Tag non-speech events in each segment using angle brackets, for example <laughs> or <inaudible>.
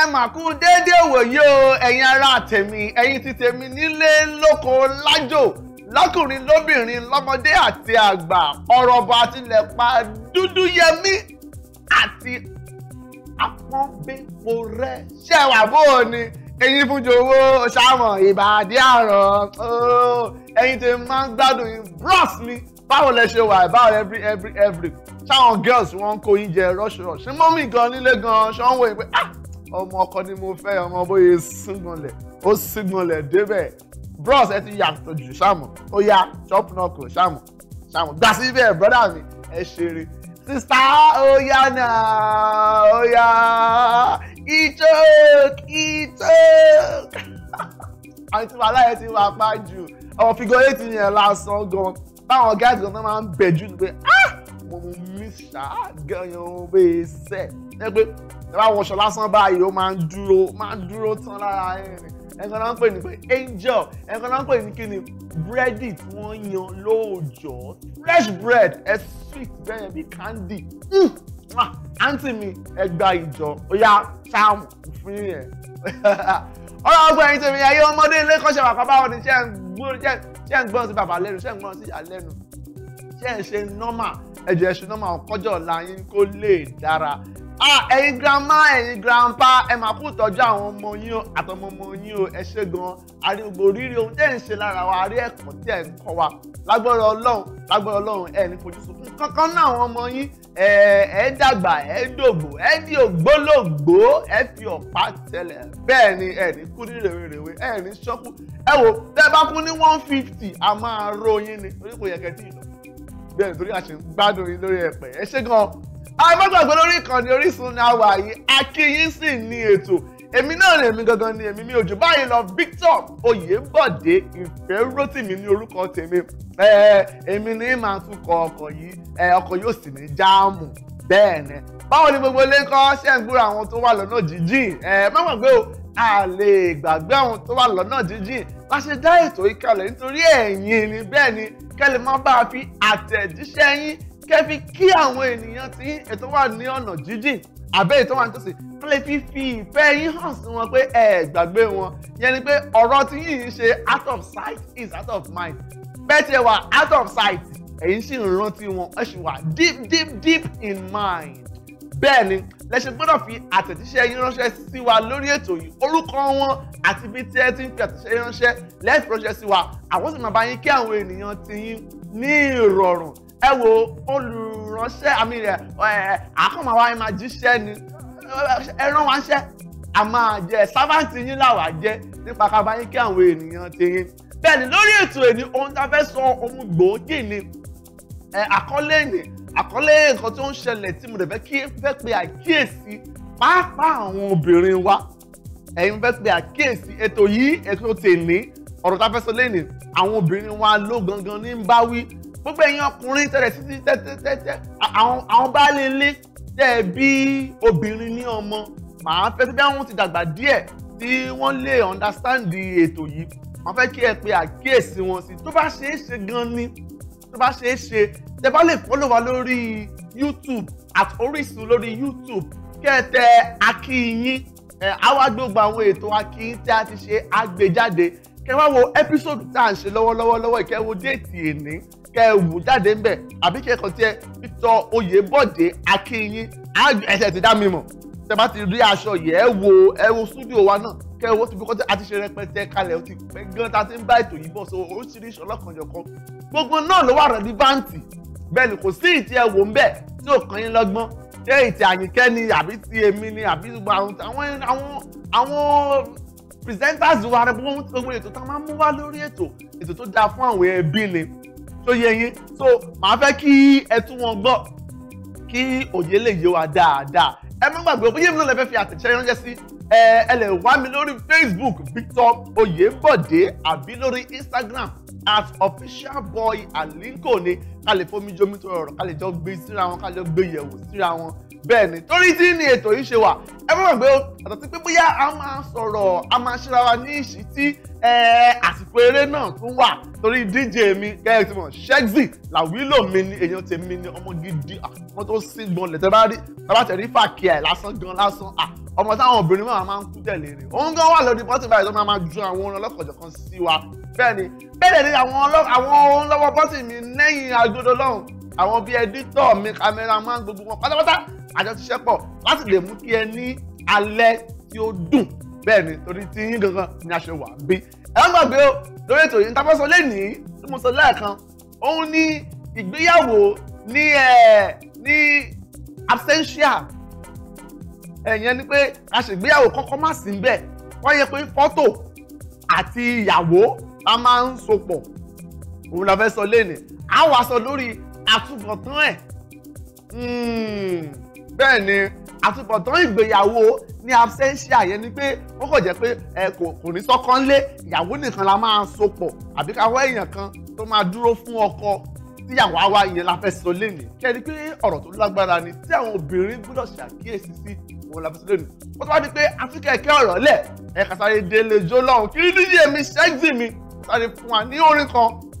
ẹ mà kú déédé wòye o ẹ̀yin ará tèmi ẹ̀yin ti tèmi nílé lóko lájò lọ́kùnrin lóbìnrin lọ́mọdé àti àgbà ọ̀rọ̀bọ̀ àtìlẹ̀pa dúdú yẹmí àti apọ́nbépo rẹ̀ ṣẹ̀wà bó o ni ẹ̀yin fúnjọ owó ṣàmọ̀ ìbàdí àràn ẹ̀yin tèmi máa ń gbádùn yín bros mi báwo lẹ ṣe wà báwo every every every ṣáwọn girls wọn ń kó yín jẹ rush rush ṣé mọ́mì gan nílé gan ṣọ́ ń wò yín ah ọmọ ọkọ ni mo fẹ́ ọmọ bóyá sígunlẹ̀ ó sígunlẹ̀ débẹ̀ bros ẹ ti yàtọ̀ jù ṣàmù ó yá chop knock ṣàmù ṣàmù gbà sí ibẹ̀ brọ́dà mi ẹ ṣeré sista ó yá náà ó yá ichoke ichoke àti wàhálà yẹn ti wà pa jù ọmọ figure eight yẹn lásán gan báwọn guys gan náà máa ń bẹ̀ jù pé ah mo mú mi ṣáà gan yẹn ó bẹ́ẹ̀ sẹ́ẹ̀ ẹ pé ẹ bá wọṣọ lásán báyìí ó máa ń dúró máa ń dúró tán lára ẹ̀rìn ẹ̀kan náà ń pè ní pé angel ẹ̀kan náà ń pè ní kí ni búrẹ́dì tí wọ́n yan lóòjọ́ fresh bread ẹ sweet bẹ́ẹ̀ bí candy àǹtí mi ẹ gba ìjọ ó yá táàmù fún yẹn <laughs> ọlọ́gbọ́n ẹ̀yin tèmi ayé ọmọdé ilé kọ́ṣẹ́ bàbá báwọn ni ṣé ń gbọ́n sí bàbá lẹ́nu ṣé ń gbọ́n sí ìyá lẹ́nu ṣé ń ṣe nọ́mà ẹ̀jẹ̀ ṣe nọ́mà ọkọ́jọ́ ọ̀la yín kó lè dára Ah, ẹ̀yin grandma ẹ̀yin grandpa ẹ máa kú ìtọ́jú àwọn ọmọ yín o àtọmọ ọmọ yín o ẹ ṣe gan-an àrí gbogbo oríire ohun tẹ́ ń ṣe lára wa àrí ẹ̀kọ́ tí ẹ̀ ń kọ́ wa lágbára ọlọ́run lágbára ọlọ́run ẹ̀ ní fojú sunkún kankan náà àwọn ọmọ yín ẹ̀ ẹ̀ dàgbà ẹ̀ dògbò ẹ̀ di ògbólógbò ẹ̀ fi ọ̀pá tẹ̀lẹ̀ bẹ́ẹ̀ ni ẹ̀ ní kú ní rèwerèwe ẹ̀ ní ṣọ́kú ẹ wo tẹ́ bá kú ní one fifty a máa ro yín ni orí kò yẹ kẹ́ tí ì lọ bẹ́ẹ̀ nítorí àṣẹ ń gbádùn yín lórí ẹ̀pẹ̀ ẹ ṣe gan àìmọ́gbàgbé lórí ìkànnì Orísun náà wà yìí akínyín sì ní ètò èmi náà ni èmi gangan ni èmi mi ò jù báyìí lọ Victor Oyèbọ̀dé ìfẹ́ Rótìmí ní orúkọ tèmi èmi ní màá tún kọ ọkọ̀ yìí ọkọ̀ yóò sì ní jáàmù bẹ́ẹ̀ ni báwo ni gbogbo ilé kọ́ ṣe ń gbúra àwọn tó wà lọ́nà jíjìn má gbàgbé o a lè gbàgbé àwọn tó wà lọ́nà jíjìn bá ṣe dá ètò ìkàlẹ̀ nítorí ẹ̀yin ni bẹ́ẹ̀ ni kẹ́lẹ́ má bá a fi àtẹ̀jíṣẹ́ yín kẹ́ fi kí àwọn ènìyàn tí ètò wà ní ọ̀nà jíjìn àbẹ́ ètò wà nítòsí wọ́n lè fi fi ìfẹ́ yín hàn sí wọn pé ẹ gbàgbé wọn yẹn ni pé ọ̀rọ̀ tí yìí ń ṣe out of sight is out of mind bẹ́ẹ̀ tiẹ̀ wà out of sight ẹ̀yin sì ń rántí wọn ẹ sì wà deep deep deep in mind bẹ́ẹ̀ ni lẹ́sẹ̀ gbọ́dọ̀ fi àtẹ̀jíṣẹ́ yín ránṣẹ́ sí wa lórí ètò yìí orúkọ wọn àti ibi tí ẹ ti ń fi àtẹ̀jíṣẹ́ yín ránṣẹ́ lẹ́ẹ̀fì ránṣẹ́ sí wa àwọn sì máa bá yín kí àwọn ènìyàn ti yín ní ìrọ̀rùn ẹ wo olùránṣẹ́ àmì rẹ̀ ẹ̀ àkànmọ́ wa máa jíṣẹ́ ni ẹ rán wa ṣẹ́ a máa jẹ́ sáfàǹtì yín làwà jẹ́ nípa kaba yín kí àwọn ènìyàn ti yín ni lórí ètò èní ohun tá a fẹ́ sọ ohun gbòógì ni àkọlé ni àkọlé nǹkan tó ń ṣẹlẹ̀ tí mo fẹ́ kí fẹ́ pe àkíyèsí pàápàá àwọn obìnrin wa ẹ̀yin fẹ́ pe àkíyèsí ètò yìí ètò tèmi ọ̀rọ̀ tá a fẹ́ sọ lẹ́nu àwọn obìnrin wa ló gangan ní ń bá wí gbogbo ẹ̀yin ọkùnrin tẹ̀lẹ̀ títí tẹ́tẹ́tẹ́ àwọn baálé ilé tẹ́ bí obìnrin ní ọmọ màá fẹ́ bí àwọn ti dàgbà díẹ̀ tí wọ́n lè understand ètò yìí màá fẹ́ kí ẹ pe àkíyèsí wọn sí tó bá ṣeé ṣe gan ni tó bá ṣeé ṣe tẹ́ bá lè fọ́lọ̀ wá lórí YouTube at Orísun lórí YouTube kẹ́tẹ́ akíyín ẹ̀ á wá gbogbo àwọn ètò akíyín tí a ti ṣe àgbéjáde kẹ́ wá wo episode tá à ń ṣe lọ́wọ́lọ́wọ́ lọ́wọ́ ìkẹ́wò déètì èní kẹ ẹ wù jáde ń bẹ̀ àbí kẹ ẹ kàn tiẹ̀ Victor Oyèbọ̀dé Akínyìn ẹsẹ̀ ti dá mi mọ̀ tẹ bá ti rí aṣọ yìí ẹ wo ẹ wo studio wa náà kẹ ẹ wo ti fi kọ́tẹ́ àti ṣe rẹpẹtẹ kalẹ̀ ó ti pẹ́ gan ta ti ń bá ètò yìí bọ̀ so oríṣiríṣi ọlọ́kanjọ̀kan gbogbo náà ló wà rẹ́díbáǹtì bẹ́ẹ̀ ni kò sí ìtì ẹ wò ń bẹ̀ tí ò kàn yín lọ́gbọ́n ṣé ìtì àyìnkẹ́ ni àbí ti èmi ni àbí àwọn àwọn àwọn presenters wa rẹ bó ń tó gbogbo ètò tá a máa mú wá lórí ètò ètò tó dáa fún àwọn ẹbí ni tó yẹ yín so màá fẹ́ kí ẹ tún wọn gbọ́ kí òye lè yé wa dáadáa ẹ má gbàgbé bóyá èmi ló lè fẹ́ fi àtẹ̀jíṣẹ́ ránṣẹ́ sí ẹ ẹ lè wá mi lórí Facebook Victor Oyèbọ̀dé àbí lórí Instagram at officialboyalinko ni ká lè fomi jomi tó rọrọ ká lè jọ gbé síra wọn ká lè gbé yẹ̀wò síra wọn bẹ́ẹ̀ ni torí tí ni ètò yìí ṣe wà ẹ má gbàgbé o àtàtí pé bóyá a máa sọ̀rọ̀ a máa ṣíra wa ní ìṣítí Eh, àsìkò eré náà tún wà torí díje mi kẹ́hìn tí mo ṣẹ́gzì làwílò mi ni èèyàn tèmi ni ọmọ gidi ọmọ tó sí gbọ́n lẹ̀ tẹ́lá tẹ̀ rí fàkíà ẹ̀ lásán gan lásán ọmọ táwọn obìnrin máa máa ń kú tẹ̀lé rẹ̀ òun gan wà lórí bọ́tì báyìí tó máa máa ju àwọn orin ọlọ́kọ̀jọ̀ kan sí wa bẹ́ẹ̀ ni bẹ́ẹ̀ ni àwọn ohun lọ́wọ́ bọ́tì mi lẹ́yìn agodo lọ́hùn àwọn bíi ẹdítọ̀ mi kámẹ́rámán gbogbo wọn pátápátá àjọṣiṣẹ́pọ̀ láti lè mú kí ẹ ní alẹ́ tí ó dùn bẹ́ẹ̀ ni torí tí yín gangan ni a ṣe wà bí ẹ má gbàgbé o lórí ètò yìí ntàfẹ́ sọ lẹ́nìí tí mo sọ lẹ́ẹ̀kan òun ni ìgbéyàwó ní ẹ̀ ní absentia ẹ̀yẹn ni pé a ṣègbéyàwó kọ́kọ́ má sí ń bẹ̀ wọ́n yẹ pé fọ́tò àti ìyàwó la máa ń so pọ̀ òun la fẹ́ sọ lẹ́nìí a wá sọ lórí àtúbọ̀tán ẹ̀ hmm, bẹ́ẹ̀ ni àtúbọ̀tán ìgbéyàwó ní absentia yẹn ni pé wọ́n kàn jẹ́ pé ẹ kò ní sọ́kàn lé ìyàwó nìkan la máa so pọ̀ àbí ká wá èèyàn kan tó máa dúró fún ọkọ tíyàwó àwa ìyẹn la fẹ́ sọ lẹ́nu kẹ́ni pé ọ̀rọ̀ tó lágbára ni tí àwọn obìnrin gbọ́dọ̀ ṣàkíyèsí sí òun la fẹ́ sọ lẹ́nu ó tó bá di pé afíkẹ́kẹ́ ọ̀rọ̀ lẹ̀ ẹ̀ kàtàrí délé jó lọ́hùn kí níyèmí ṣẹ́gbìn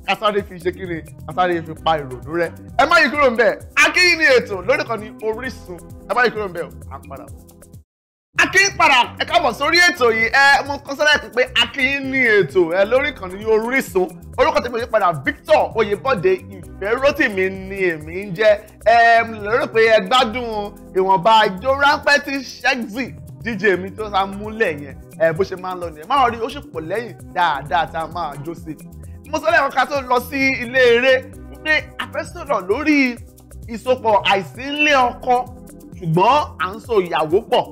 kásáré fi ṣe kíni kásáré fi pa ìrònú rẹ ẹ má yí kúrò ńbẹ̀ akínyìn ní ètò lórí kan ní Orísun ẹ má yí kúrò ńbẹ̀ o à ń padà bọ̀ akínyìn padà ẹ káàbọ̀ sórí ètò yìí ẹ mú kọ́sẹ́lẹ̀ pé akínyìn ní ètò ẹ lórí kan ní Orísun orúkọ tèmi yìí padà Victor Oyèbọ̀dé ìfẹ́ Rótìmí ni èmi ń jẹ́ ẹ lérò pé ẹ gbádùn ìwọ̀nba ijó ráńpẹ́ tí ṣẹ́gzì díje mi tó sá múlẹ̀ yẹn ẹ bó ṣe máa ń lọ nìyẹn máa rí ó sì lẹ́yìn dáadáa tá a máa jó sí i mo sọ lẹ́ẹ̀kan ká tó lọ sí ilé eré pé àfẹ́sọ̀rọ̀ lórí ìsopọ̀ àìsí nílé ọkọ ṣùgbọ́n à ń so ìyàwó pọ̀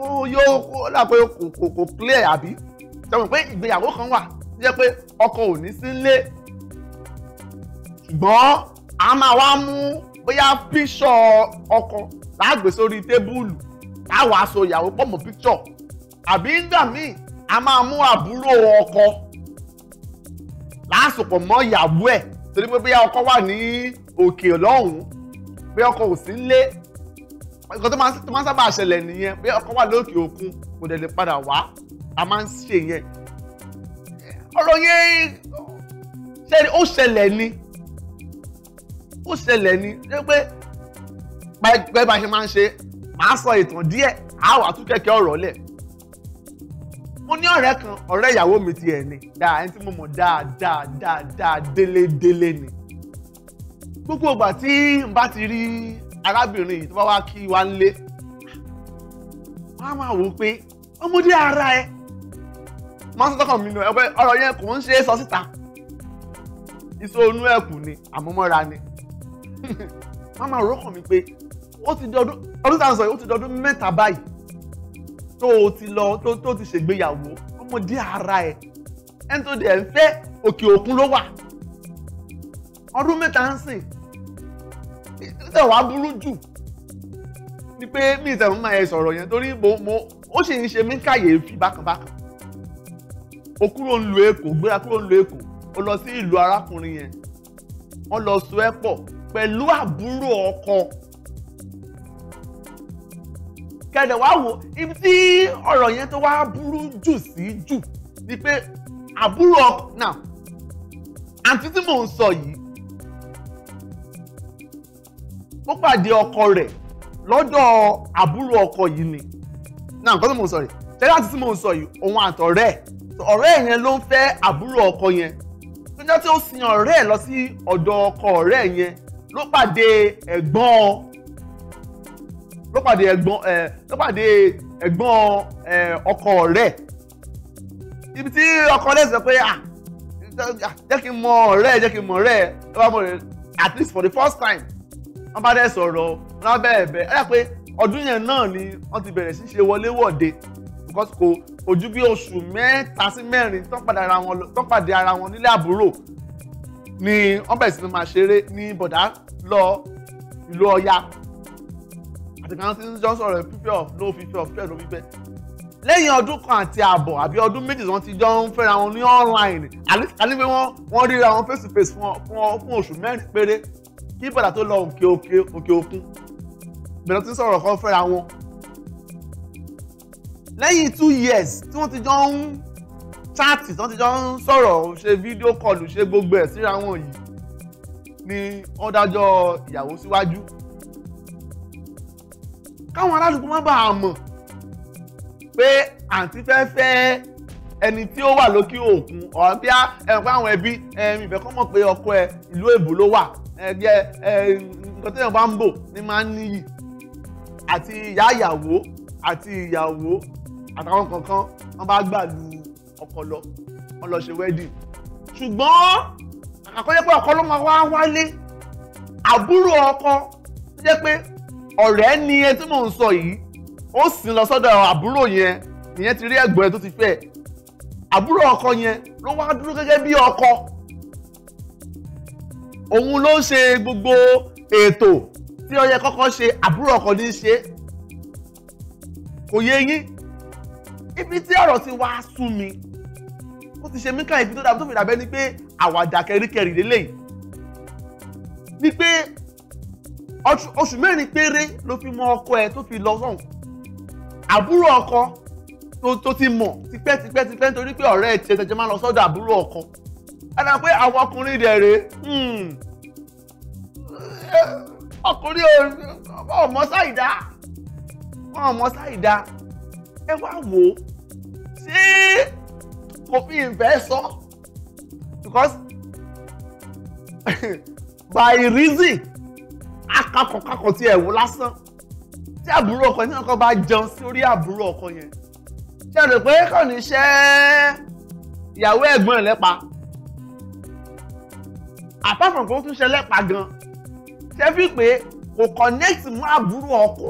ó yóò kó lápẹ́ kò kò clear àbí sọ pé ìgbéyàwó kan wà jẹ́ pé ọkọ ò ní sí nílé ṣùgbọ́n a máa wá mú bóyá píṣọ̀ ọkọ láàgbé sórí tébùlù láwọn aṣọ ìyàwó pọ̀ mọ́ píṣọ̀ àbí nígbà míì a máa mú àbúrò ọkọ dásopọ̀ mọ́ ìyàwó ẹ̀ torí pé bóyá ọkọ wà ní òkè lọ́hùn bóyá ọkọ ò sí lé nǹkan tó máa ń sábà ṣẹlẹ̀ nìyẹn bóyá ọkọ wà lókè òkun kò dẹ̀ lè padà wá a máa ń ṣe yẹn ọ̀rọ̀ yẹn ṣe ó ṣẹlẹ̀ ni ó ṣẹlẹ̀ ni ṣé pé pẹ́ẹ́pẹ́ bá ṣe máa ń ṣe màá sọ ìtàn díẹ̀ àá wà ọ̀rọ̀ lẹ̀ mo ní ọ̀rẹ́ kan ọ̀rẹ́ ìyàwó mi ti ẹ̀ ni dáa ẹni tí mo mọ̀ dáa dáa dáa dáa délédélé ni gbogbo ìgbà tí n bá ti rí arábìnrin yìí tó bá wá kí wa ń lé wọ́n á máa wò ó pé ọmọdé ara ẹ máa ń sọ tọkàn mi nù ẹgbẹ́ ọ̀rọ̀ yẹn kò ń ṣe é sọ síta ìṣòro ẹ̀kú ni àmúmọ́ra ni <laughs> wọ́n á máa rọ́kàn mi pé ọdún tàbí sọ yìí ó ti dọdún mẹ́ta báyìí tó o ti lọ tó o ti ṣègbéyàwó ọmọdé ara ẹ ẹni tó dẹ̀ ń fẹ́ òkè òkun ló wà ọdún mẹ́ta ń sìn ṣe wàá burú jù ni pé mi ìtẹ̀wọ́n máa ẹ sọ̀rọ̀ yẹn torí mo mo ó sì ń ṣe mí kàyéfì bákanbákan o kúrò ń lu èkó gbéra kúrò ń lu èkó o lọ sí ìlú arákùnrin yẹn wọ́n lọ so ẹ́ pọ̀ pẹ̀lú àbúrò ọkọ kẹ̀dẹ̀ wá wò ibi tí ọ̀rọ̀ yẹn tó wá burú jù sí jù ni pé àbúrò náà àǹtí tí mò ń sọ yìí mo pàdé ọkọ rẹ̀ lọ́dọ̀ àbúrò ọkọ yìí ni náà nǹkan tí mò ń sọ rẹ̀ ṣẹlẹ̀ àǹtí tí mò ń sọ yìí òun àtọ̀rẹ́ ọ̀rẹ́ yẹn ló ń fẹ́ àbúrò ọkọ yẹn tó jẹ́ tí ó sin ọ̀rẹ́ lọ sí ọ̀dọ̀ ọkọ ọ̀rẹ́ yẹn ló pàdé ẹ̀gbọ́n ló pàdé ẹ̀gbọ́n ẹ̀ ló pàdé ẹ̀gbọ́n ẹ̀ ọkọ rẹ̀ ibi tí ọkọ rẹ̀ sọ pé jẹ́ kí n mọ ọ̀rẹ́ jẹ́ kí n mọ ọ̀rẹ́ ẹ bá mọ rẹ̀ at least for the first time wọ́n bá dẹ̀ sọ̀rọ̀ wọ́n bá bẹ̀rẹ̀ bẹ̀rẹ̀ ẹ̀ pé ọdún yẹn náà ni wọ́n ti bẹ̀rẹ̀ sí ṣe wọléwọ̀de because kò ojú bí oṣù mẹ́ta sí mẹ́rin tó pàdé ara wọn nílé àbúrò ni wọ́n bẹ̀rẹ̀ sí máa ṣeré ní bọ̀dá lọ ìlú ọya the council just sọ̀rọ̀ fífẹ́ of no fífẹ́ of fífẹ́ no fífẹ́ lẹ́yìn ọdún kan àti ààbọ̀ àbí ọdún méjì wọ́n ti jọ ń fẹ́ra wọn ní online àní pé wọ́n ríra wọn face to face fún oṣù mẹ́rin péré kí padà tó lọ òkè òkè òkè òkun bẹ̀rẹ̀ tí sọ̀rọ̀ kan fẹ́ra wọn. lẹ́yìn two years tí wọ́n ti jọ ń chaatì tí wọ́n ti jọ ń sọ̀rọ̀ ṣe fídíò kọlù ṣe gbogbo ẹ̀ síra wọn yìí ni wọ́n dájọ́ ìyàwó síwájú. Si káwọn aládùúgbò má bàa mọ̀ pé àǹtí fẹ́ fẹ́ ẹni tí ó wà lókè òkun ọ̀hún bí ẹ̀pẹ́ àwọn ẹbí ìfẹ́ kọ́ mọ̀ pé ọkọ ẹ ìlú èbó ló wà ẹgbẹ́ nǹkan tí èèyàn bá ń bò ní máa ń níyì àti ìyá ìyàwó àti ìyàwó àtàwọn kankan wọn bá gbà ọkọ lọ wọn lọ ṣe wedding ṣùgbọ́n àkọ́jẹ́ pé ọkọ ló máa wá wálé àbúrò ọkọ jẹ́ pé ọ̀rẹ́ ni ẹ tí mò ń sọ yìí ó sì lọ sọ́dọ̀ àbúrò yẹn ìyẹn ti rí ẹ̀gbọ́n ẹ tó ti fẹ́ àbúrò ọkọ yẹn ló wá dúró gẹ́gẹ́ bí ọkọ òun ló ń ṣe gbogbo ètò tí ó yẹ kọ́kọ́ ṣe àbúrò ọkọ ní í ṣe kò yé yín ibi tí ọ̀rọ̀ ti wá sún mi ó ti ṣe mí ká ibi tó dàbí tó fi dàbẹ́ ni pé àwàdà kẹríkẹrì lélẹ́yìn ni pé oṣù mẹ́rin péré ló fi mọ ọkọ ẹ tó fi lọ sọ̀hún àbúrò ọkọ tó ti mọ̀ tipẹ́tipẹ́tipẹ́ nítorí pé ọ̀rẹ́ ẹ̀ tiẹ̀ tẹ̀jẹ̀ máa lọ sọ́dọ̀ àbúrò ọkọ ẹ̀dá pé àwọn ọkùnrin dẹ̀ rèé hmm. ọkùnrin ọmọ ṣáìdá ọmọ ṣáìdá ẹ wá wò ó ṣé kò fi ìfẹ́ sọ because <laughs> by reason kákànkàkàn tí ẹ wò lásán tí àbúrò ọkọ yẹn náà kọ́ bá jẹun sórí àbúrò ọkọ yẹn ṣe rò pé kàn ní ṣe ìyàwó ẹ̀gbọ́n rẹ̀ pa àpapọ̀ tún ṣe lẹ́pa gan ṣe fi pé kò connect mọ́ àbúrò ọkọ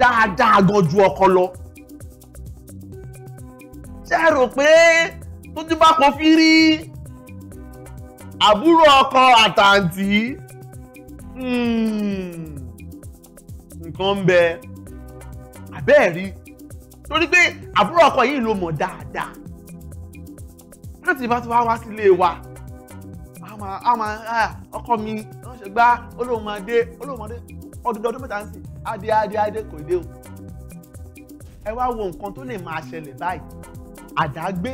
dáadáa gan ju ọkọ lọ ṣe rò pé tó ti bá kó fi àbúrò ọkọ àtàǹtì Hmm. nǹkan ń bẹ àbẹ́ẹ̀ rí torí pé àbúrò ọkọ yìí ló mọ̀ dáadáa láti bá ti wá wá sílé wa a máa ọkọ mi wọ́n ṣe gbá olóhùn máa dé olóhùn máa dé ọdún ọdún mẹ́ta ń sìn adé adé adé kò dé o ẹ wá wo nǹkan tó lè máa ṣẹlẹ̀ báyìí àdágbé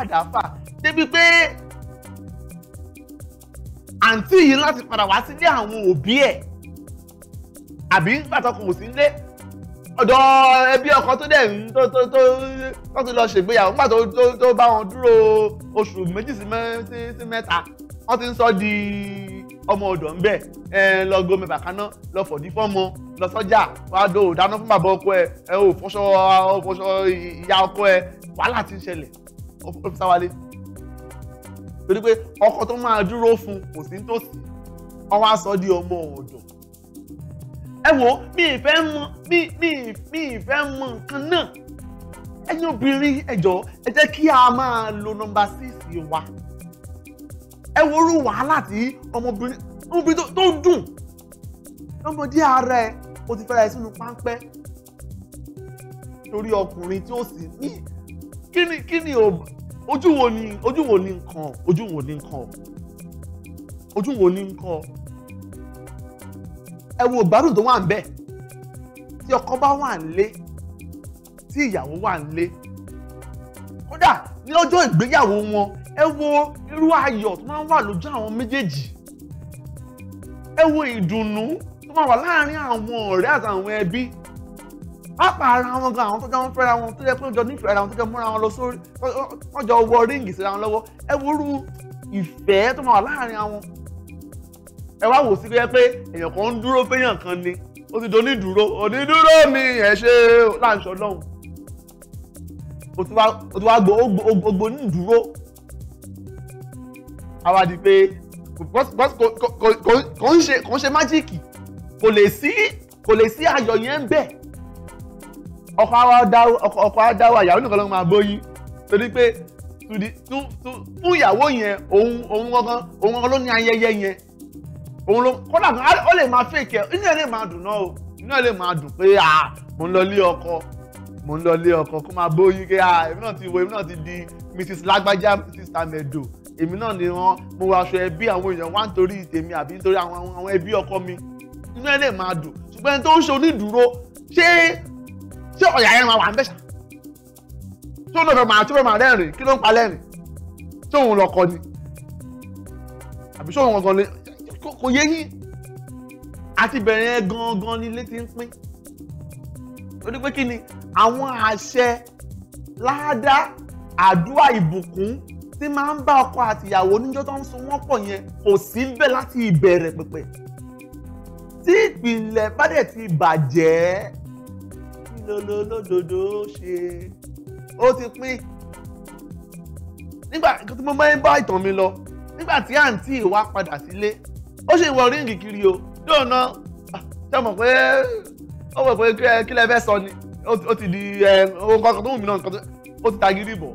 àdáfà débi pé àǹtí yìí láti padà wá sílé àwọn òbí ẹ̀ àbí gbàtọ́ kò sí nílé ọ̀dọ̀ ẹbí ọkọ tó dẹ̀ ń tó tó tó tó ti lọ ṣègbéyàwó nígbà tó tó tó bá wọn dúró oṣù méjì sí mẹ́ta wọ́n ti ń sọ di ọmọ ọ̀dọ̀ ń bẹ̀ ẹ lọ go mẹ́fà kaná lọ fọ̀dí fọ́mọ lọ sọ́jà wàá do ìdáná fún bàbá ọkọ ẹ ẹ ò fọṣọ ìyá ọkọ ẹ wàhálà ti ń ṣẹlẹ̀ ó fi sáwálé torí pé ọkọ tó máa dúró fún kò sí nítòsí ọwọ́ aṣọ di ọmọ ọ̀dọ̀ ẹ wo mi ìfẹ́ mọ mi mi mi ìfẹ́ mọ nǹkan náà ẹ̀yin obìnrin ẹ jọ̀ọ́ ẹ jẹ́ kí a máa lo nọ́mbà síìsì wa ẹ wo orú wàhálà tí ọmọbìnrin ọmọbìnrin tó dùn ọmọdé ara ẹ o ti fẹ́ra ẹ sínú páńpẹ́ torí ọkùnrin tí ó sì ní kí ni kí ni ò ojú wo ni ojú wo ni nǹkan ojú wo ni nǹkan ojú wo ni nǹkan ẹ wo ìgbádùn tó wà ń bẹ tí ọkọ bá wà ń lé tí ìyàwó wà ń lé kódà ní ọjọ́ ìgbéyàwó wọn ẹ wo irú ayọ̀ tó máa ń wà lójú àwọn méjèèjì ẹ wo ìdùnnú tó máa wà láàárín àwọn ọ̀rẹ́ àtàwọn ẹbí pápá ara wọn gan àwọn tó jọ ń fẹ́ra wọn tó jẹ́ pé jọ nífẹ̀ẹ́ ara wọn tó jọ múra wọn lọ sórí wọ́n jọ wọ ríǹgì síra wọn lọ́wọ́ ẹ wúrú ìfẹ́ tó máa wà láàrin àwọn ẹ wá wò sí pé pé èèyàn kan ń dúró fẹ́yàn kan ni ó ti donídúró onídúró mi ẹ ṣe láǹṣọ lọ́hùn ó ti wá gbogbo ní ìdúró àwa di pé kò ń ṣe májíìkì kò lè sí ayọ̀ yẹn ń bẹ ọkọ àwa dáwọ ọkọ àwa dáwọ àyàwó nìkan ló máa bóyí torí pé fún ìyàwó yẹn òun òun gangan òun gangan ló ní ayẹyẹ yẹn òun ló kódà kan ó lè máa fèkì ẹ inú ẹ lè máa dùn náà o inú ẹ lè máa dùn pé à mò ń lọ lé ọkọ mò ń lọ lé ọkọ kó máa bóyí pé à èmi náà ti wo èmi náà ti di mrs lágbájá mrs tamedo èmi náà ni wọn mo wọ aṣọ ẹbí àwọn èèyàn wá nítorí tèmi àbí nítorí àwọn ẹbí ọkọ mi inú ẹ lè máa dùn ṣùgbọ́n ẹni tó ń ṣe onídùúró ṣé ṣé ọ̀yà yẹn máa wà ń bẹ̀ṣà tí ó lọ fẹ́ máa tí ó máa rẹ́rìn kí ló ń pa lẹ́rìn tí òun lọ kọ ni àbí sóhun gangan ni kò yé yín àti bẹ̀rẹ̀ gangan ni ilé ti ń pín lórí pé kí ni àwọn àṣẹ láàdá àdúrà ìbùkún tí máa ń bá ọkọ àtìyàwó níjọ́ tó ń so wọ́n pọ̀ yẹn kò sí bẹ̀ láti ìbẹ̀rẹ̀ pẹ̀pẹ̀ tí ìpìlẹ̀ bá dẹ̀ ti bàjẹ́ lólódodo ṣe ó ti pín nígbà tí mo máa ń bá ìtàn mi lọ nígbà tí àǹtí wa padà sílé ó ṣe ìwọ ríǹgì kiri o dóòna ṣe mọ̀ pé ó wọ̀ pé kí lẹ fẹ́ sọ ni ó ti di ohun tó wù mí náà nǹkan tó ó ti tagiri bọ̀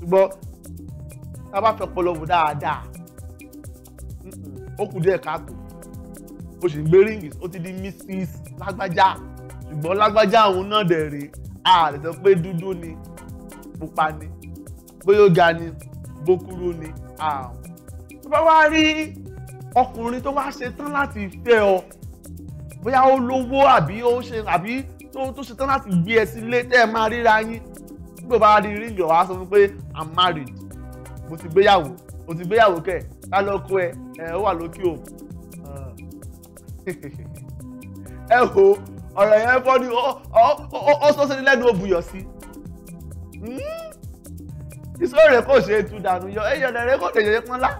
ṣùgbọ́n tá a bá fẹ́ polówó dáadáa ó kù díẹ̀ káàtó ó sì ń gbé ríǹgì ó ti di mrs lágbájá ṣùgbọ́n lágbájá òun náà dẹ̀ rèé a lè sọ pé dúdú ni pupa ni bóyá ó ga ni bó kúrú ni àrùn. tó bá wá rí ọkùnrin tó wá ṣetán láti fẹ́ ọ bóyá ó lówó àbí ó ṣe àbí tó ṣetán láti gbé ẹ sílé tẹ́ ẹ máa ríra yín nígbà bá rí ríngì ọ̀hún á sọ fún pé i'm married mo ti gbéyàwó mo ti gbéyàwó kẹ̀ ta ló kó ẹ ẹ ó wà lókè o ẹ wo ọ̀rọ̀ yẹn kọ́ ni ó sọ sí lẹ́nu òbúyọ̀ sí iṣẹ́ hmm? rẹ̀ kò ṣe é tú dànù yọ ẹ̀yọ̀ rẹ̀ kò tẹ̀yẹ̀ pọ́nlá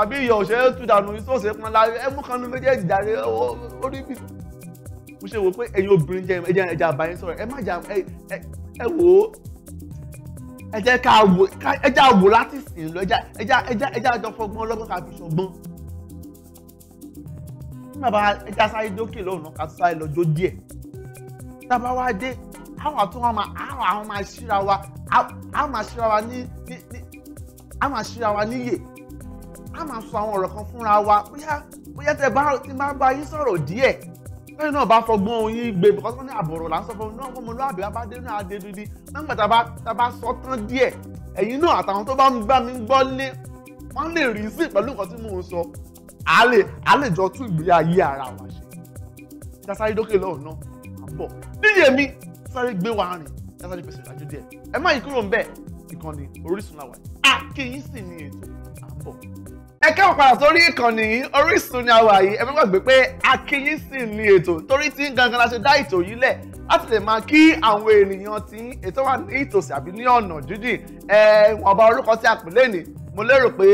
àbí iyọ̀ ò ṣe é tú dànù iṣẹ́ òṣèré pọ́nlá ẹ̀mú kan ní méjèèjì dàrí orí bì mo ṣe wò pé ẹ̀yin obìnrin jẹ́ ẹ̀jẹ̀ ẹ̀jẹ̀ àbáyé sọ̀rọ̀ ẹ má jà ẹ wò ó ẹ jẹ́ ká wò láti sìn lọ ẹ jẹ́ àjọ fọgbọ́n ọlọ́gbọ́n ká fi ṣọgbọ́n bàbá ẹja sáré dókè lóhùn náà ká tó sáré lọ́jọ́ díẹ̀ tábà wá dé àwọn àtún wọn máa àwọn máa ṣíra wa àwọn máa ṣíra wa ní ní ní àwọn máa ṣíra wa níyè àwọn máa sọ àwọn ọ̀rọ̀ kan fúnra wa bóyá bóyá tẹ bá ti máa bá yín sọ̀rọ̀ díẹ̀ lẹ́yìn náà bá fọgbọ́n oyin gbé bọ́kọ́ tó àbọ̀rọ̀ là ń sọ fún un náà fún mi lóàbí abádé náà adé dídí nígbà tá a bá sọ tán díẹ̀ ẹ̀yin náà àtàwọn tó bá ń gbá mi gbọ́ lé wọ́n lè rí sí pẹ̀lú nǹkan tí mò ń sọ a lè a lè jọ tún ìgbé ayé ara wa ṣe jásáré dókè lọ́hùn náà à ń bọ̀ díje mi sáré gbé wa rìn jásáré pèsè ìdájọ́ díẹ̀ ẹ má yí kúrò ń bẹ̀ ìkànnì Orísun làwà àkíyí sì ni ètò à ń bọ̀ ẹ kẹ́wọ̀n padà sórí ìkànnì yìí Orísun ni a wà yìí ẹ fẹ́ gbàgbé pé akínyìn sì ni ètò torí tí gangan la ṣe dá ètò yìí lẹ̀ láti lè máa kí àwọn ènìyàn tí ètò wà ní ìtòsí àbí ní ọ̀nà jíjìn ẹ wọn ọba orúkọ tí a pè lẹ́nìí mo lérò pé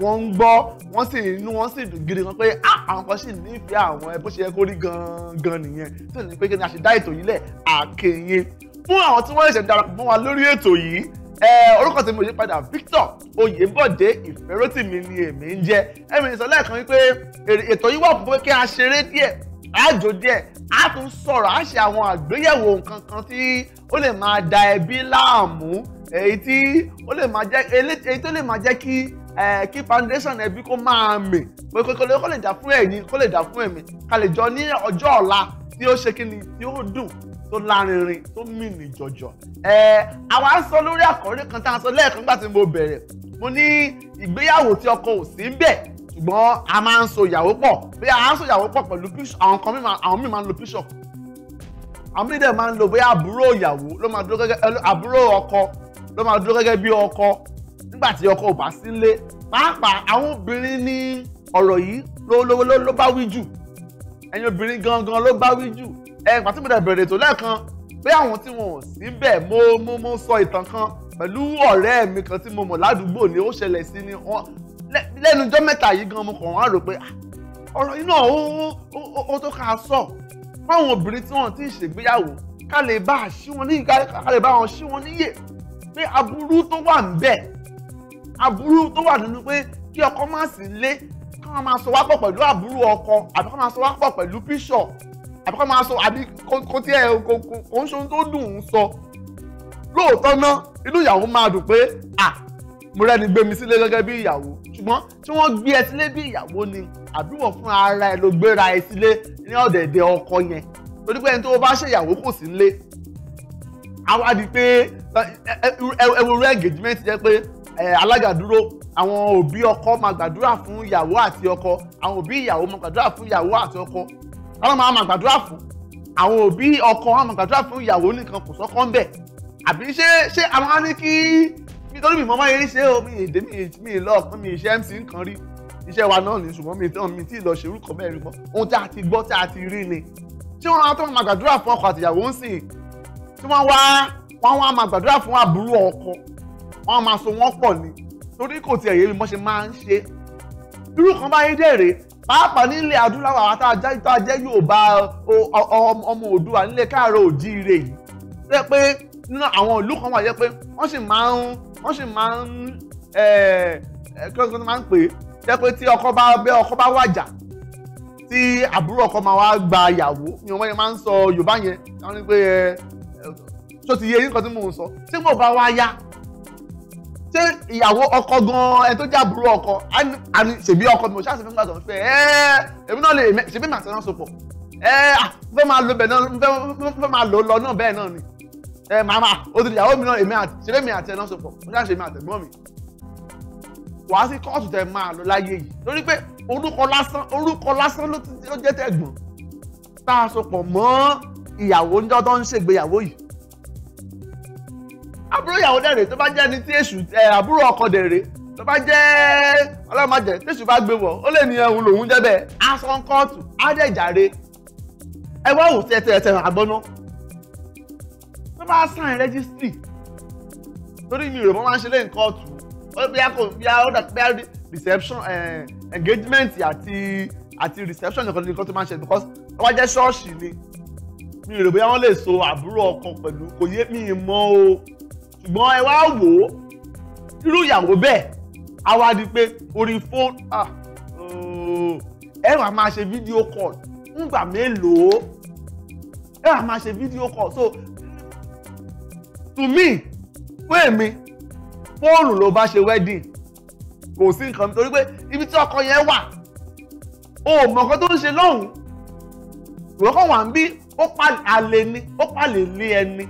wọ́n ń gbọ́ wọ́n sì inú wọ́n sì dùn gidi gan pé ah, àwọn kan sì nífẹ̀ẹ́ àwọn ẹ bó ṣe yẹ kó rí gan-an nìyẹn tó ní pé kí ni a ṣe dá ètò yìí lẹ̀ àkèyìn fún àwọn tí wọ́n ṣẹ̀ darapọ̀ mọ́ wa lórí ètò yìí orúkọ tèmi ò yí padà Victor Oyèbọ̀dé Ìfẹ́rótìmí ni èmi ń jẹ́ ẹ̀mí ìsọ lẹ́ẹ̀kan wípé ètò yìí wà fún kí a ṣeré díẹ̀ àjò díẹ̀ a tún sọ̀rọ̀ a ṣe àwọn àgbéyẹ̀wò nǹkan kan tí ó lè máa da ẹbí láàmú èyí tí ó lè máa jẹ́ èyí tó lè máa jẹ́ kí kí foundation ẹbí kó máa mì pé kó lè dá fún ẹ̀yin kó lè dá fún ẹ̀mí ká lè jọ ní ọjọ́ ọ̀la tí ó ṣe kí ni tí ó dùn tó lárinrin tó mìnì jọjọ. àwa ń sọ lórí àkọ́rí kan tá a sọ lẹ́ẹ̀kan nígbà tí mo bẹ̀rẹ̀ mo ní ìgbéyàwó tí ọkọ ò sí ń bẹ̀ ṣùgbọ́n a máa ń so ìyàwó pọ̀ bí a ń so ìyàwó pọ̀ pẹ̀lú píṣọ àwọn kan àwọn míì máa ń lo píṣọ àwọn míì dẹ̀ máa ń lo bóyá àbúrò ìyàwó ló máa dúró gẹ́gẹ́ àbúrò ọkọ ló máa dúró gẹ́gẹ́ bí ọkọ nígbà tí ọkọ ò bá sílé pàápàá àwọn obìnrin ní ọ̀rọ̀ yìí ló bá wí jù ẹ̀yin obìnrin gangan ló bá wí jù ẹ̀ pàtí mo dẹ̀ bẹ̀rẹ̀ tó lẹ́ẹ̀kan pé àwọn tí wọn ò síbẹ̀ mo mo mo sọ ìtàn kan pẹ̀lú ọ̀rẹ́ mi kan tí mo mọ̀ ládùúgbò ni ó ṣẹlẹ̀ sí ni wọn lẹ́nu ọjọ́ mẹ́ta yìí gan mo kàn wá rò pé ah, ọ̀rọ̀ yìí náà ó tó ká sọ fáwọn obìnrin tí wọn ti ń ṣègbéyàwó ká lè bá wọn níyè pé aburú tó wà ń bẹ̀ aburú tó wà nínú pé kí ọkọ má sí lé kí wọ́n máa sọ wá pọ̀ pẹ̀lú àbúrò ọkọ àbí kí wọ́n máa sọ wá pọ̀ pẹ̀lú píṣọ̀ àbí kí wọ́n máa sọ àbí kò tiẹ̀ kò ń ṣe ohun tó dùn ún sọ lóòótọ́ ná inú ìyàwó máa dùn pé à mo rẹ́ni gbé mi sílé gẹ́gẹ́ bí ìyàwó ṣùgbọ́n tí wọ́n gbé ẹ sílé bí ìyàwó ni àbúrò fún ara ẹ ló gbéra ẹ sílé ní ọ̀dẹ̀dẹ̀ ọkọ yẹn torí pé ẹni tó bá ṣèyàwó kò sí nílé àwa di pé ẹwọ rẹ engagement jẹ́ pé alága dúró àwọn òbí ọkọ máa gbàdúrà fún ìyàwó àti ọkọ àwọn òbí ìyàwó máa gbàdúrà fún ìyàwó àti ọkọ táwọn máa máa gbàdúrà fún àwọn òbí ọkọ máa máa gbàdúrà fún ìyàwó nìkan kò sọ́kọ́ ń bẹ̀ àbí ṣé ṣé àwọn á ní kí nítorí mi mọ́ máa yẹrí ṣe é o mi èdè mi ìlọ ọ̀kan mi ìṣe mc nǹkan rí iṣẹ́ wa náà ní ṣùgbọ́n mi tán mi tí lọ ṣerú kan bẹ́ẹ̀ rí mọ́ ohun tí a ti gbọ́ tí a ti rí ni ṣé wọn á tó máa gbàdúrà fún ọkọ àtìyàwó ń sìn tí wọ́n wá wọ́n wá máa gbàdúrà fún àbúrò ọkọ wọ́n máa so wọ́n pọ̀ ni torí kò tiẹ̀ yé mi máa ń ṣe irú kan báyé dèrè pàápàá nílẹ̀ adúláwọ̀ àwọn tá a jẹ́ Yorùbá ọmọ Oòduà nílẹ̀ káàárọ̀ òjíire yìí jẹ́ pé nínú àwọn ìlú kan wà jẹ́ pé wọ́n sì máa ń wọ́n sì máa ń kí wọ́n máa ń pè é jẹ́ pé tí ọkọ bá bẹ́ ọkọ bá wàjà tí àbúrò ọkọ máa wá gba ìyàwó ni wọ́n máa ń sọ Yorùbá yẹn wọ́n ní pé tó ti yé yín kan tí mò ń sọ tí kò bá wá yá ṣé ìyàwó ọkọ gan ẹ tó jẹ́ àbúrò ọkọ àni ṣèbí ọkọ mi ò ṣáà ṣe fún gbàgbọ́ pé ẹ èmi náà lè ṣèbí màá tẹ́lá sopọ̀ ẹ fẹ́ máa lo bẹ̀ náà fẹ́ máa lò lọ náà bẹ́ẹ̀ náà ni ẹ màmá o ti ìyàwó mi náà èmi àti ṣèbí mi àti ẹ náà sopọ̀ mo ṣáà ṣe mi àtẹ̀gbọ́n mi wàá sí kóòtù tẹ máa lọ láyé yìí lórí pé orúkọ lásán orúkọ lásán ló jẹ́ tẹ̀gbọ́n tá a sopọ̀ mọ́ ìyàwó níjọ́ tó ń ṣègbéyàwó yìí àbúrò ìyàwó dẹ̀rẹ̀ tó bá jẹ́ ẹni tí èṣù àbúrò ọkọ dẹ̀rẹ̀ tó bá jẹ́ ọlọ́màjẹ tí èṣù bá gbé wọ̀ ó lè ní ẹ̀hún lòún jẹ́ bẹ́ẹ̀ aṣọ kóòtù ádẹ́jàre ẹ wá wò tẹ́ tẹ́ tẹ́ àgbọ́ná tó bá sign registry torí mi rò wọ́n máa ń ṣe lẹ́yìn kóòtù ó bí a kò bí a ó dà bí a reception engagement àti àti reception nìkan ní nǹkan tó máa ń ṣe because wọ́n wá jẹ́ ṣọ́ọ̀ṣì ni mi rò bóyá wọ́n lè so àbúrò ọkọ pẹ̀lú kò yé mi mọ́ o ṣùgbọ́n ẹ wá wò ó irú ìyàwó bẹ́ẹ̀ á wá di pé orí fóònù ẹ wàá máa ṣe fídíò call ńgbà mélòó ẹ wàá máa ṣe fídíò call so to me fún èmi fóònù ló bá ṣe wedding kò sí nǹkan torí pé ibi tí ọkọ yẹn wà o mọ̀ nǹkan tó ń ṣe lọ́hùn-ún ìwọ́kọ̀ wà ń bí ó pàlè ní ó pàlè lé ẹni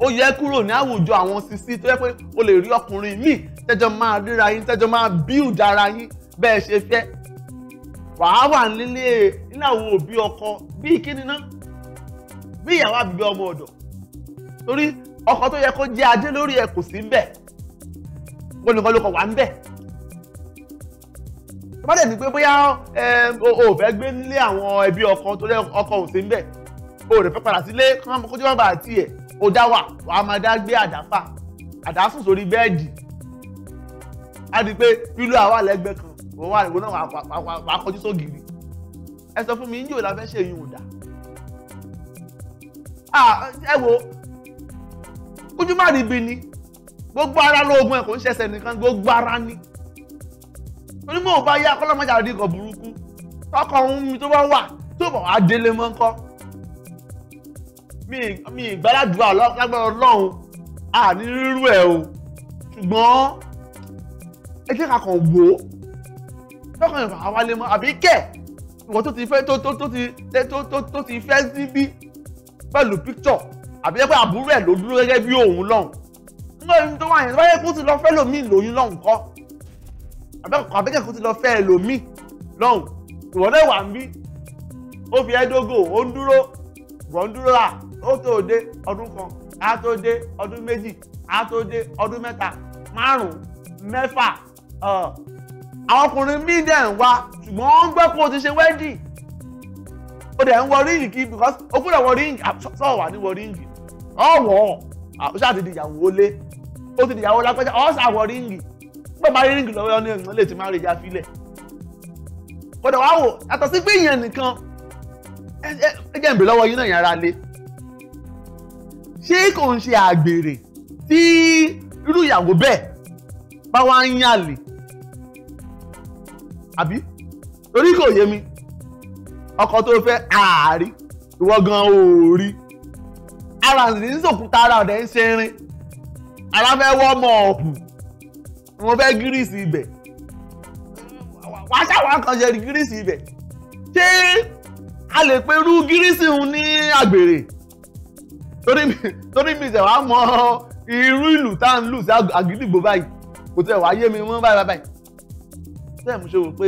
ó yẹ kúrò ní àwùjọ àwọn sisi tó yẹ pé o lè rí ọkùnrin míì tẹjọ máa ríra yín tẹjọ máa build ara yín bẹ́ẹ̀ ṣe fẹ́ wàá wà nílé níláwọ òbí ọkọ bíi kíni náà bíi ìyàwó àbíbí ọmọ ọ̀dọ̀ torí ọkọ tó yẹ kó jẹ́ adé lórí ẹ kò sí ń bẹ̀ wọn nìkan ló kọ wà ń bẹ̀ bá dẹ̀ pé bóyá o fẹ́ gbé nílé àwọn ẹbí ọkọ torí ọkọ ò sí ń bẹ̀ o rẹ̀ fẹ́ padà sílé kó jẹ́ wọn bá àti ẹ̀ ó dá wà wàá máa dá gbé àdáfà àdáfù sórí bẹ́ẹ̀dì á di pé pílò àwa lẹ́gbẹ̀ẹ́ kan òun wà ìwọ náà wàá kọjú sógiri ẹ sọ fún mi yíyó la fẹ́ ṣe yín ò dá ẹ wo kújú má rí bi ni gbogbo ara lóògùn ẹ kò ń ṣẹṣẹ nìkan gbogbo ara ni onímọ̀ ò bá yá kọ́lọ́mọjà rí nǹkan burúkú tọkọ̀ ohun mi tó bá wà tó bọ̀ wá délé mi ìgbàládùá lágbára ọlọ́run àní rírú ẹ̀ o ṣùgbọ́n ẹ jẹ́ ká kàn wò ó lọ́kàn yẹn fà wá lé mọ́ àbí kẹ̀ ìwọ tó ti fẹ́ tó tó tó ti tó tó tó ti fẹ́ síbí pẹ̀lú píktọ̀ àbí ẹgbẹ́ àbúrò ẹ̀ ló dúró gẹ́gẹ́ bí òun lọ́hùn nígbà yẹn tó wà yẹn báyẹn kó ti lọ fẹ́ lòmíì lóyún lọ́hùn kọ́ àbí kẹ̀ kó ti lọ fẹ́ lòmíì lọ́hùn ìwọ náà wà ń bí ó fi ẹ́ dógò ó ń dúró ìwọ ń dúró rà ó tó dé ọdún kan á tó dé ọdún méjì á tó dé ọdún mẹ́ta márùn-ún mẹ́fà àwọn ọkùnrin míì dẹ̀ ń wá ṣùgbọ́n wọ́n ń gbọ́ pé o ti ṣe wedding o dẹ̀ ń wọ ríǹgì kí because o kúrò wọ ríǹgì sọ̀rọ̀ wà ní wọ ríǹgì ọ̀wọ́ o ṣáà ti di ìyàwó lé o ti di ìyàwó lápẹ́jà ọ̀ ṣáà wọ ríǹgì nígbà máa rí ríǹgì lọ́wọ́ ní ẹ̀gbọ́n lè ti máa rí ìjà filẹ̀ o dẹ̀ wá wò yàtọ̀ sí pé ìyẹn nìkan ẹ jẹ́ ìbí lọ́wọ́ yín náà yàrá lé ṣé kò ń ṣe àgbèrè tí irú ìyàwó bẹ́ẹ̀ bá wá ń yàlè àbí torí kò yé mi ọkọ tó fẹ́ ààrí ìwọ gan ò rí ara sì ń sòkúta ara ọ̀dẹ̀ ń ṣerin ara fẹ́ wọ́ ọmọ ọ̀pù mo fẹ́ gírísì ibẹ̀ wàá ṣàwọn kan ṣe gírísì ibẹ̀ ṣé a lè pe irú gírísì òun ní àgbèrè torí mi ṣe wàá mọ irú ìlú tá à ń lù sí àgídìgbò báyìí kò tẹ̀ wá yé mi mọ́ báyìí báyìí bẹ́ẹ̀ mo ṣe wò pé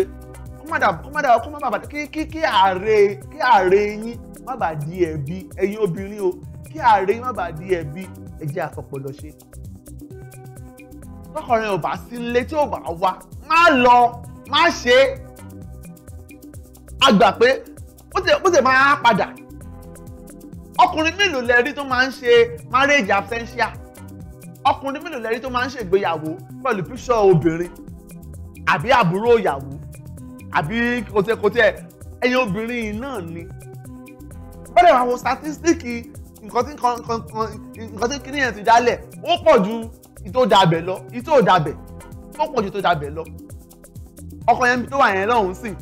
kó má dàbọ̀ kó má bàbà kí kí kí ààrẹ kí ààrẹ yín má bàa di ẹ̀bi ẹ̀yin obìnrin o kí ààrẹ yín má bàa di ẹ̀bi ẹ jẹ́ àfọpọlọ ṣe tọkọrin ò bá sí ilé tí ò bá wá má lọ má ṣe é a gbà pé ó ti máa padà ọkùnrin mélòó lẹ rí tó máa ń ṣe marriage absentia ọkùnrin mélòó lẹ rí tó máa ń ṣègbéyàwó pẹ̀lú píṣọ̀ obìnrin àbí àbúrò ìyàwó àbí kòtẹ́kòtẹ́ ẹ̀yin obìnrin náà ni bẹ́ẹ̀ wá wo statistíìkì nǹkan tí nǹkan tí kíníyàn ti dálẹ̀ ó pọ̀ ju ìtò dàbẹ̀ lọ ìtò dàbẹ̀ ó pọ̀ ju ìtò dàbẹ̀ lọ ọkọ yẹn tó wà yẹn lọ́hùn-ún sìn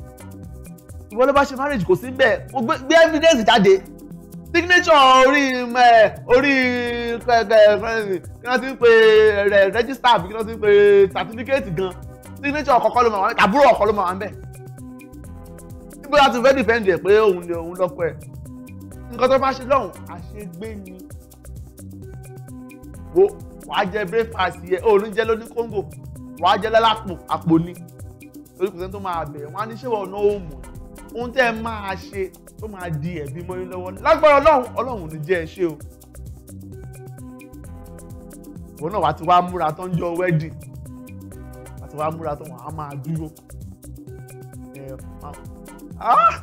ìwọ ló bá ṣe marriage kò sí bẹ́ẹ̀ gbé evidence jáde signature orí orí kí wọ́n ti ń pe register àbí kí wọ́n ti ń pe certificate gan signature ọ̀kọ̀ọ̀kan ló máa wà níbẹ̀ àbúrò ọ̀kọ̀ ló máa wà níbẹ̀ níbo láti fẹ́ defend ẹ̀ pé òun ni òun lọ́kọ ẹ̀ nǹkan tó bá ṣe lọ́hùn àṣegbé ni wo wàá jẹ breakfast yẹ o ní jẹ lóní kóńgò wàá jẹ lálàpò àpò ni torí kò sẹ́ni tó máa bẹ̀ wọ́n á ní ṣé wọ́n náà ó mọ̀ ní ohun tẹ́ ẹ máa ṣe tó máa di ẹ̀bí mọ́yín lọ́wọ́ lágbára ọlọ́run ọlọ́run ní jẹ́ ẹ ṣe o. òun náà wàá ti wá múra tán jọ wẹ́dì wàá ti wá múra tán wàá máa dúró. ẹ ah!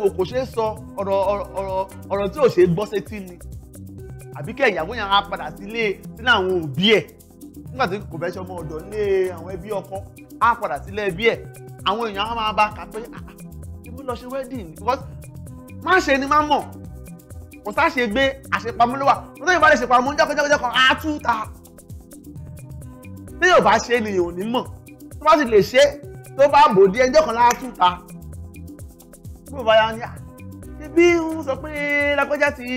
wò kò ṣeé sọ ọ̀rọ̀ ọ̀rọ̀ ọ̀rọ̀ tí ò ṣeé gbọ́ sétí ni àbí kẹ́ ìyàwó yẹn á padà sílé sílé àwọn òbí ẹ̀ nígbà tí kò fẹ́ ṣe ọmọ ọ̀dọ̀ nílé àwọn ẹbí ọkọ á padà sílé ẹbí ẹ̀ àwọn èèyàn á máa bá kà pé ah, òun lọ ṣe wedding because má ṣe ni má mọ̀ kò sá ṣe gbé àṣepamọ́ ló wà kò sẹ́yìn bá lè ṣèpamọ́ jákèjákèjá kan á tú ta tí yóò bá ṣe ènìyàn ò ní mọ̀ tó bá sì lè ṣe tó bá bò di ẹjọ́ kan láá tú ta bí mo bá yá ni ibi ń sọ pé lágbájá tí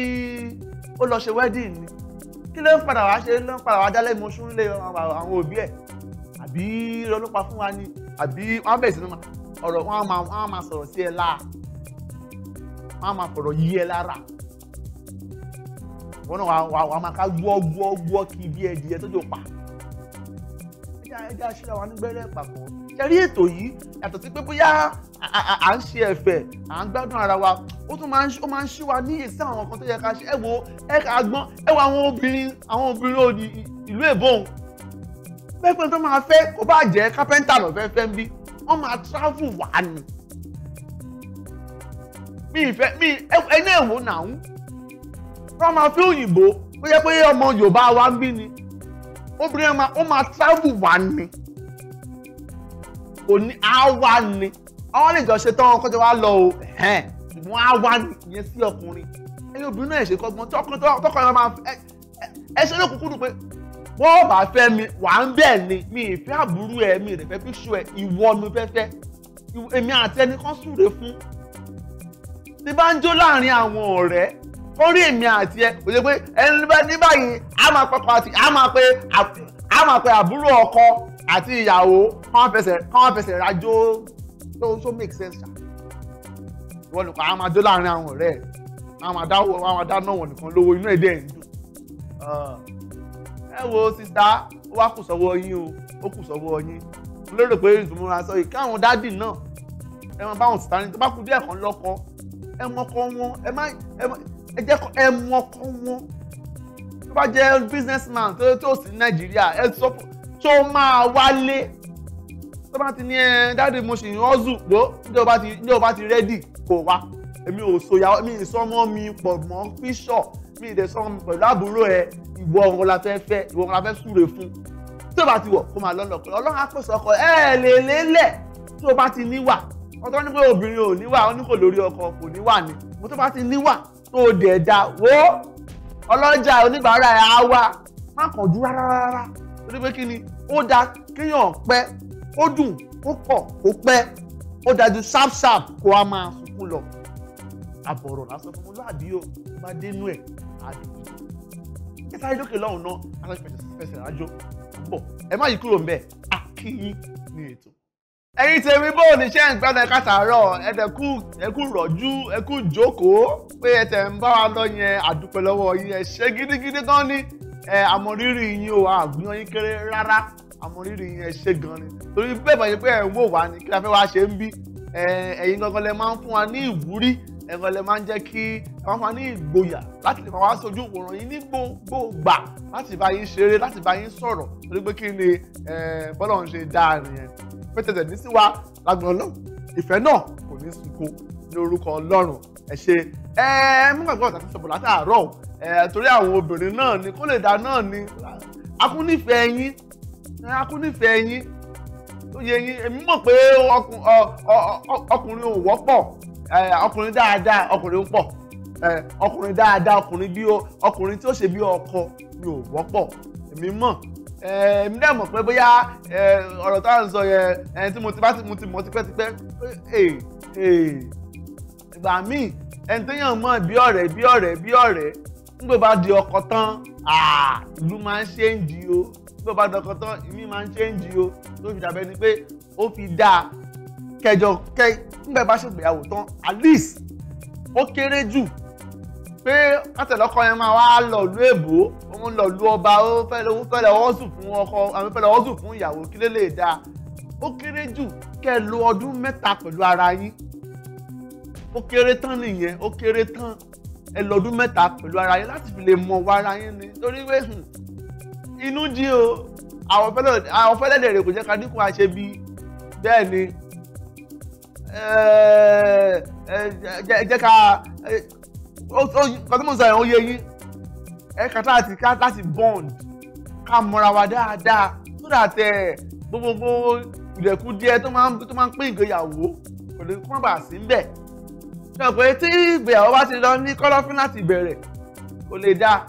ó lọ ṣe wedding ni kí ló ń padà wá ṣe ló ń padà wá dálé mọ́ṣú nílé àwọn òbí ẹ̀ àbí lọ́lọ́pàá fún wa ni àbí wọ́n bẹ̀rẹ̀ sí ní ma ọ̀rọ̀ wọn á máa wọn á máa sọ̀rọ̀ sí ẹ láà wọn á máa fọ̀rọ̀ yí ẹ lára wọn náà wàá wàá máa ká gbọ́ gbọ́ gbọ́ kí bí ẹdìyẹ tó jò pa ẹjẹ ẹjẹ aṣíra wa nígbẹ́rẹ́ papọ̀ ṣe rí ètò yìí yàtọ̀ sí pé bóyá à ń ṣe ẹ̀fẹ̀ à ń gbádùn ara wa ó tún máa ń ó máa ń ṣí wa ní èsì àwọn kan tó yẹ ká ṣe ẹ wo ẹ ká gbọ́n ẹ wo àwọn obìnrin àwọn obìnrin òdì ìlú èbó òun pẹ́pẹ́ tó máa fẹ́ kó bá jẹ́ kápẹ́ńtà lọ́fẹ́ ń bí wọ́n máa travel wá ni mi ìfẹ́ mi ẹni èwo náà ń wọ́n máa fi òyìnbó ó yẹ pé ọmọ Yorùbá wa ń bí ni obìnrin ó máa travel wá ni kò ní á wá ni àwọn lè jọ ṣe tán kó tó wá lọ o wọ́n á wá yẹn sí ọkùnrin ẹ̀yin obìnrin náà ṣe kọ́gbọ́n tọkọ tọkọ yẹn máa ẹ ẹ ṣe lókùnkùn pé bọ́ọ̀ bá fẹ́ mi wà ń bẹ̀ ni mi ìfẹ́ àbúrú ẹ̀ mi rẹ̀ fẹ́ fi ṣú ẹ̀ ìwọ mi fẹ́fẹ́ èmi àtẹni kan súre fún tí bá ń jó láàrin àwọn ọ̀rẹ́ ó rí èmi àti ẹ kò jẹ́ pé ẹni bá ní báyìí a máa pẹ́ pàtì a máa pẹ́ a máa pẹ́ àbúrò ọkọ àti ìyàwó kán fẹsẹ̀ kán fẹsẹ̀ rajó tó so make sense ṣá ìwọ nìkan a máa jó láàrin àwọn ọ̀rẹ́ ẹ̀ a máa dáwọ́ a máa dáná wọn nìkan lówó inú ẹ̀ dẹ̀ ń dùn. Ah ẹ wo sísá ó wá kù sọ́wọ́ yín o ó kù sọ́wọ́ yín mo lérò pé ìdùnmọ́ra sọ yìí káwọn dádì náà ẹ máa báwọn sísá ní tó bá kú díẹ̀ kan lọ́kọ ẹ mọ wọn ẹ má ẹ jẹ́ ẹ mọ wọn tó bá jẹ́ businessman tó tó sí Nàìjíríà ẹ sọ tó máa wálé tó bá ti ní ẹ dáàdi mo ṣì ń ọ́zù gbó ní o bá ti rẹ́dì kò wá èmi ò sòyà mi ìsọmọ mi pọ̀ mọ́ fíṣọ̀ mi ì dẹ̀ sọ pẹ̀lú àbúrò ẹ ìwọ ọ̀hún la fẹ́ fẹ́ ìwọ ọ̀hún la fẹ́ súre fún tí o bá ti wọ̀ kó máa lọ́nà pé ọlọ́run á pèsè ọkọ ẹ lè lélẹ̀ tí o bá ti níwà wọ́n tó ní pé obìnrin ò níwà wọ́n ní kò lórí ọkọ kò níwà ni mo tó bá ti níwà tó o dẹ̀ da wo ọlọ́jà oníbàárà ẹ̀ á wá má kàn dúró rárá torí pé kí ni ó da kéèyàn pẹ́ ó dùn ó pọ̀ ó pẹ́ ó dájú ṣáfṣáf kó a máa sunkún lọ àbọ̀rọ̀ lásán fún mi lóàbí o bá dénú ẹ̀ ẹ sáré lókè lọ́hùn náà aṣọ ìfẹsẹ̀ rájò bọ̀ ẹ má yí kúrò ń bẹ̀ akínyín ní ètò. ẹ̀yin tèmi bó o ní ṣe ń gbádùn ẹ̀ka tààrọ̀ ẹ̀dẹ̀kú ẹ̀kú rọ̀jú ẹ̀kú jókòó pé ẹ tẹ̀ ń bá wa lọ yẹn àdúpẹ́ lọ́wọ́ yín ẹ ṣe gidigidi gan ni ẹ àmọ̀rírì yín o àgbìyàn yín kéré rárá àmọ̀rírì yín ẹ ṣe gan ni torí bẹ́ẹ̀ bá yẹ pé ẹ̀ ń wò wá ni kí la fẹ́ wá ṣe ń bí ẹ̀yin gangan lẹ máa ń fún wa ní ìwúrí ẹ̀rọ lẹ máa ń jẹ́ kí ẹ máa fa ní ìgboyà láti lè máa wá sojú òwòrán yín ní gbogbo gbà láti bá yín ṣeré láti bá yín sọ̀rọ̀ torí pé kí ni bọ́lá ń ṣe dáa nìyẹn pẹ́tẹ́tẹ́ ní sí wa lágbọ̀n náà ìfẹ́ náà kò ní sunko ní orúkọ ọlọ́run ẹ ṣe ẹ mú gbàgbọ́ ọ̀tà tó sọ̀bọ̀ látàárọ̀ ẹ torí àwọn obìnrin náà ni kó lè dá náà ni akúnífẹ̀ẹ́ yín akúnífẹ̀ẹ́ yín tó yẹ yín èmi mọ̀ pé ọkùnrin ò wọ́pọ̀ ọkùnrin dáadáa ọkùnrin ń pọ̀ ọkùnrin dáadáa ọkùnrin bí o ọkùnrin tí ó ṣe bí ọkọ mi ò wọ́pọ̀ èmi mọ̀ èmi dẹ̀ mọ̀ pé bóyá ọ̀rọ̀ tá à ń sọ yẹn tí mo ti bá mo ti mọ̀ tipẹ́tipẹ́ ìgbà míì ẹni téèyàn mọ̀ bí ọ̀rẹ́ bí ọ̀rẹ́ bí ọ̀rẹ́ nígbà bá di ọkọ tán ìlú máa ń ṣe ń di o nígbà bá di ọkọ tán ìmí máa ń ṣe ń di o tó fi dàbẹ́ ni pé ó fi dáa kẹjọ kẹ nígbà bá ṣègbéyàwó tán at least ó kéré jù pé kátẹ̀lọ́kọ yẹn máa wá lọ lu èbó ó ń lọ lu ọba ó fẹ́ lọ́wọ́ fẹ́ lọ́wọ́ sùn fún ọkọ àwọn fẹ́ lọ́wọ́ sùn fún ìyàwó kí ló lè dáa ó kéré jù kẹ́ ẹ lo ọdún mẹ́ta pẹ̀lú ara yín ó kéré tán nìyẹn ó kéré tán ẹ lọ ọdún mẹ́ta pẹ̀lú ara yín láti fi lè mọ̀ wá ara yín ni torí pé hmm, inú jí o àwọn fẹ́lẹ́dẹ̀ẹ́rẹ́ kò jẹ́ ká dínkù àṣebí bẹ́ẹ̀ ni Eh, eh, jẹ́ ká eh, kọ́tí mo sọ yẹn ó yé yín ẹ kàtà láti ká láti bond ká mọ̀ra wa dáadáa so that gbogbogbò ìrẹ̀kú díẹ̀ tó máa ń pín ìgbéyàwó kò lè kó má bàa sí ń bẹ̀ ṣe pé tí ìgbéyàwó bá ti lọ ní kọ́lọ́fín láti bẹ̀rẹ̀ kò lè dáa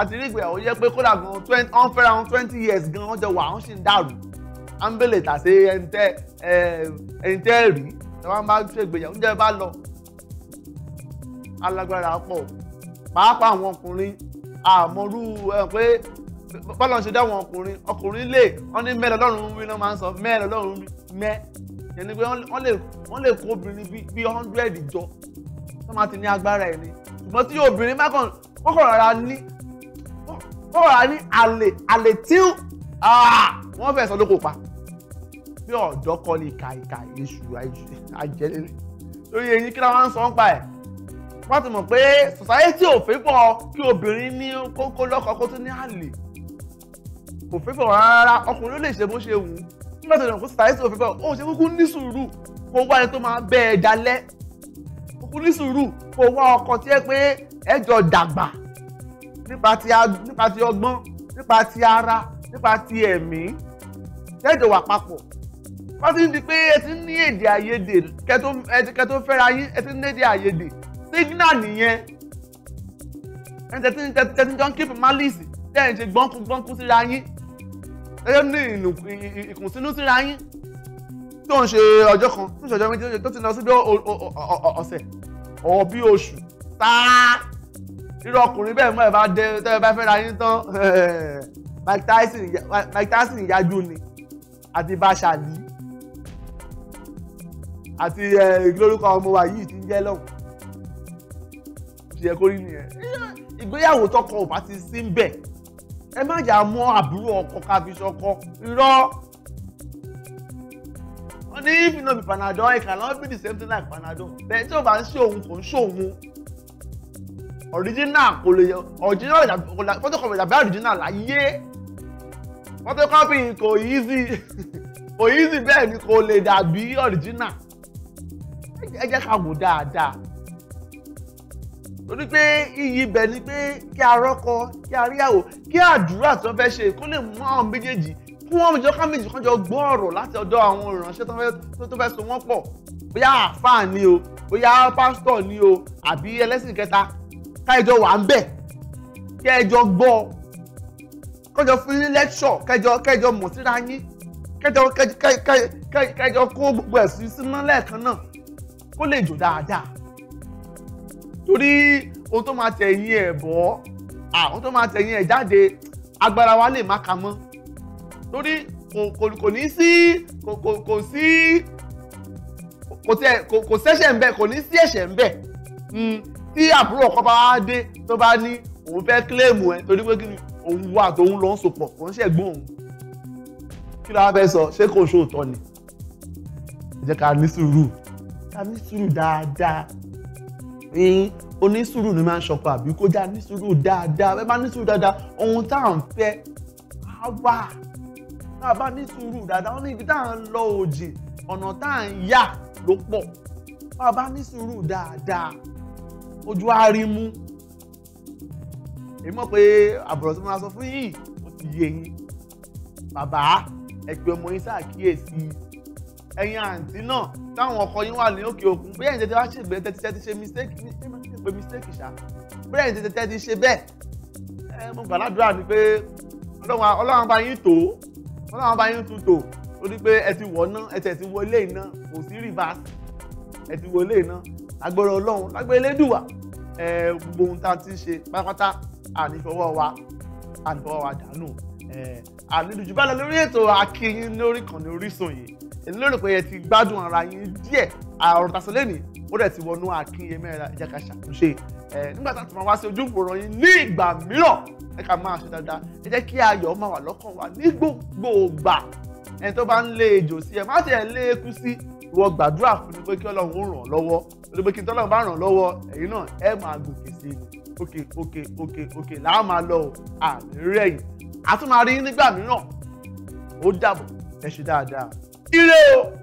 àti rí ìgbéyàwó yẹ pé kódà gan-an wọ́n fẹ́ra wọn twenty years gan-an wọ́n jọ wà wọ́n sì ń dàrú ambele tàṣe ẹntẹ ẹntẹ rí ẹ wá máa ṣègbéyàwó oúnjẹ bá lọ alágbára pọ̀ pàápàá àwọn ọkùnrin àmọ́rú ẹ pé bọ́lá ṣe dá àwọn ọkùnrin ọkùnrin lè wọ́n ní mẹ́rin ọlọ́run wí náà máa ń sọ mẹ́rin ọlọ́run wí mẹ́ yẹn ni pé wọ́n lè kó obìnrin bíi hundred jọ tó máa ti ní agbára ẹ̀ ni ṣùgbọ́n tí obìnrin má kàn wọ́n kàn rárá ní wọ́n kàn rárá ní àlè àlè tí wọ́n fẹ̀sán ló kò pa bí ọ̀dọ́ kọ́ lè ka ìka èṣù àjẹlẹ̀ lórí eyín kí wọ́n sọ ń pa ẹ̀ wọ́n ti mọ̀ pé society ò fẹ́ pọ̀ kí obìnrin ní kókó lọ́kọ kó tún ní àlè kò fẹ́ pọ̀ rárá ọkùnrin ló lè ṣe bó ṣe wù ú nígbà tó lè kó society ò fẹ́ pọ̀ ó ṣe kúkú ní sùúrù kó wá ẹni tó máa bẹ́ ẹ dalẹ̀ kúkú ní sùúrù kó wá ọkọ tí ẹ pé ẹ jọ dàgbà nípa ti ọgbọ́n nípa ti ara nípa ti ẹ̀mí tẹ́jọ wà papọ̀ wọ́n ti ń di pé ẹ ti ń ní èdè àìyedè kẹ́ tó fẹ́ra yín ẹ ti ń ní èdè àìyedè signal nìyẹn ẹni tẹ́tí tẹ́tí jọ ń keep malice tẹ́ ẹ̀ ń ṣe gbọ́nkú gbọ́nkú síra yín ẹ ní ìkùnsínú síra yín tó ń ṣe ọjọ́ kan tó ń ṣe ọjọ́ méjì tó ti lọ sí bí ọ̀sẹ̀ ọ̀ bí oṣù táá irú ọkùnrin bẹ́ẹ̀ mọ́ ẹ̀ bá dé tẹ́ ẹ bá fẹ́ ra yín tán <laughs> Mike Tyson ìyájú ni àti Bashali àti lórúkọ ọmọ wa yìí ti ń jẹ́ lọ́hùn ṣe yẹ kó rí nìyẹn ìgbéyàwó tọkọ ò bá ti sí ń bẹ̀ ẹ má jà mọ àbúrò ọkọ káfí ṣọkọ irọ́ wọ́n ní if you panadol it cannot be the same thing like panadol bẹ́ẹ̀ tí o bá ń ṣe òun kò ń ṣe òun original kò lè original photocopy ìdàbí original láyé photocopy kò easy <laughs> kò easy bẹ́ẹ̀ ni kò lè dàbí original ẹ jẹ́ ká wò dáadáa torí pé iyì ibẹ̀ ni pé kí a rọ́kọ kí a ríyàwó kí àdúrà tó fẹ́ ṣe kó lè mú àwọn méjèèjì kí wọ́n jọ ká méjì kan jọ gbọ́ ọ̀rọ̀ láti ọ̀dọ̀ àwọn ìránṣẹ́ tó fẹ́ so wọ́n pọ̀ bóyá àáfàá ni o bóyá pásítọ̀ ni o àbí ẹlẹ́sìn kẹta káyọ̀jọ wà ń bẹ̀ kẹjọ gbọ́ kẹjọ fún yín lẹ́kṣọ̀ kẹjọ kẹjọ mọ̀ síra yín kẹjọ kẹjọ kó gbogbo ẹ̀sìn sínú lẹ́ẹ̀kan náà kó lè jò dáadáa torí ohun tó máa tẹ̀yìn ẹ̀ bọ́ àwọn tó máa tẹ̀yìn ẹ̀ jáde agbára wa lè má ka mọ́ torí kò ní sí kò sí kò tẹ kò sẹ́sẹ̀ ń bẹ̀ kò ní sí ẹ̀ṣẹ̀ ń bẹ̀ hmm, tí àbúrò ọkọ bá wá dé tó bá ní òun fẹ́ kílèmù ẹ torí pé kí ni òun wà tóun lọ ń sopọ̀ kò ń ṣẹ̀gbọ́n òun kí ló wá fẹ́ sọ ṣé kò ṣòótọ́ ni ẹ jẹ́ ká ní sùúrù ta ní sùúrù dáadáa ẹ̀yin onísùúrù ni máa ń ṣọkọ àbí kó já ní sùúrù dáadáa ẹ bá ní sùúrù dáadáa ohun tá à ń fẹ́ á wà tá a bá ní sùúrù dáadáa wọn ní ibi tá à ń lọ òjì ọ̀nà tá à ń yà ló pọ̀ tá a bá ní sùúrù dáadáa ojú á rí mú èmi mọ̀ pé àbọ̀rọ̀ tí sọ fún yìí ó ti yé yín bàbá ẹ ọmọ yín sáà kíyèsí ẹ̀yin àǹtí náà táwọn ọkọ yín wà ní òkè òkun bóyá ìjẹ́tẹ́ wá ṣègbè tẹ́tí tẹ́tí ṣe mistake ní ṣé máa ń pè mistake ṣá bóyá ìjẹ́tẹ́ tẹ́tí ṣe bẹ́ẹ̀ ẹ mo gbàdúrà ni pé ọlọ́run bá yín tó ọlọ́run bá yín tún tó ó ní pé ẹ ti wọ̀ ná ẹ tẹ̀ ti wọ ilé iná kò sí rìbáàsì ẹ ti wọ ilé iná lágbára ọlọ́run lágbára elédùwà ẹ gbogbo ohun tá a ti ń ṣe pátápátá ànífọwọ́ wa ànífọwọ́ wa dànù ẹ ànídùjú bá lórí ètò AkiiYin lórí kan ní Orísun yìí lérò pé ẹ ti gbádùn ara yín díẹ̀ àrùn tasolẹ́nì ó dẹ̀ ti wọnú akínyẹmẹ́ra ẹ̀jẹ̀ ká ṣàtúnṣe ẹ̀ nígbà tá a ti máa wá sí ojú ìwòran yín ní ìgbà mìíràn ẹ ká máa ṣe dáadáa ẹ jẹ́ kí ayọ̀ máa wà lọ́kàn wa ní gbogbo ìgbà ẹni tó bá ń lé ejò sí ẹ má ti ẹ̀ lé eku sí ìwọ gbàdúrà fún mi pé kí ọlọ́run ó ràn ọ́ lọ́wọ́ torí pé kí tọ́lọ́run bá ràn ọ́ lọ́wọ́ ẹ̀yin náà ẹ máa gòkè sí i òkè òkè òkè òkè làá máa lọ àmì rẹ̀yìn àtúmọ̀ àrí nígbà mìíràn ó dàbọ̀ ẹ ṣe dáadáa. You know,